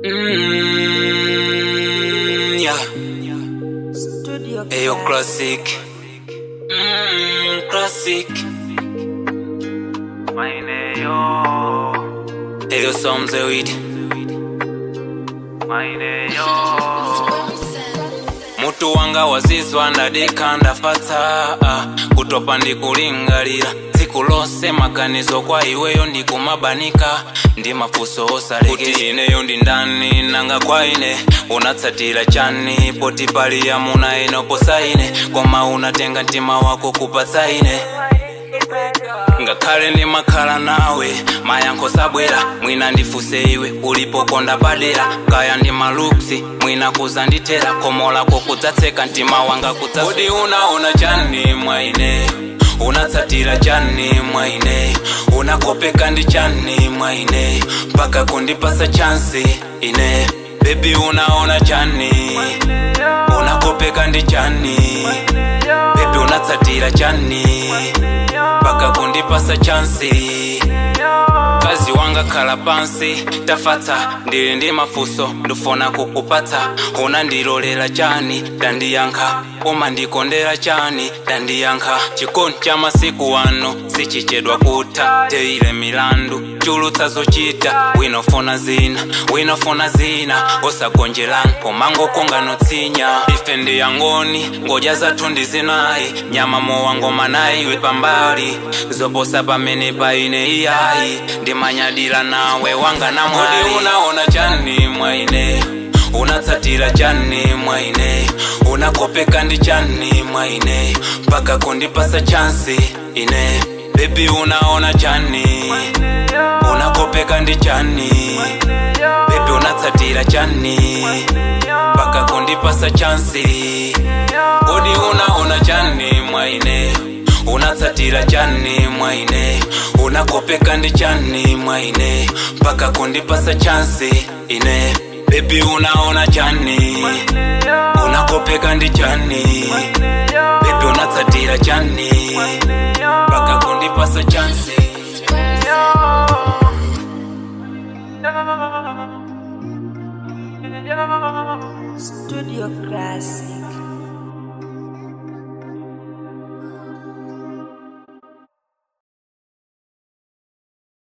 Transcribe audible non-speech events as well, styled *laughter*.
Mm, yeah. Studio Eyo classic. Mm, classic. Mine yo. Eyo songs the weed. Mine yo. *laughs* Mutu wanga wazizwa ndadika ndafata ah. kutopa ndikulingalira sikulose maganizo kwa iweyo ndikumabanika ndi mafuso osaleke kuti ineyo ndi ndani nanga kwa ine unatsatira chani poti pali yamuna ino posaine koma unatenga mtima wako kupatsa ine ngakhale makhala nawe mayankho sabwera mwina ndifuse iwe ulipokonda padera kaya ndi maluksi mwina kuzanditera khomo lako mtima wanga kudzakodi unaona chani mwaine unatsatira chani mwaine unakopeka ndi chani mwaine mpaka kundipasa chansi ine bebi unaona chani unakopeka ndi chani bebi unatsatira chani mpaka kundipasa chansi waziwanga kalapansi tafata ndili ndi mafuso ndifuna kukupata una ndilolela chani dandiyankha koma ndikondera chani dandiyankha chikondi cha masiku ano sichichedwa kutha teile milandu njulu utazocita winofona zina winofona zina osagonjela pomango konganotsinya ifende yangoni ngoja zathu zinayi nyama mowango nayi iwe pambali zoposa pamene paine iyayi ndimanyadira nawe wanga na mwali unaona chani mwaine unatsatira chani mwaine unakopeka ndi chani mwaine mpaka kundipasa chansi ine bebi unaona chani mwaine nawe kandi cyane bebi unatsatira cyane bakakundipasa chansi udi unaona chani mwaine unatsatira chani mwaine unakopeka ndi chani mwaine bakakundipasa chansi ine bebi unaona cyane unakope kandi cyane bebi unatsatira cyane bakakundipasa chansi Studio Classic.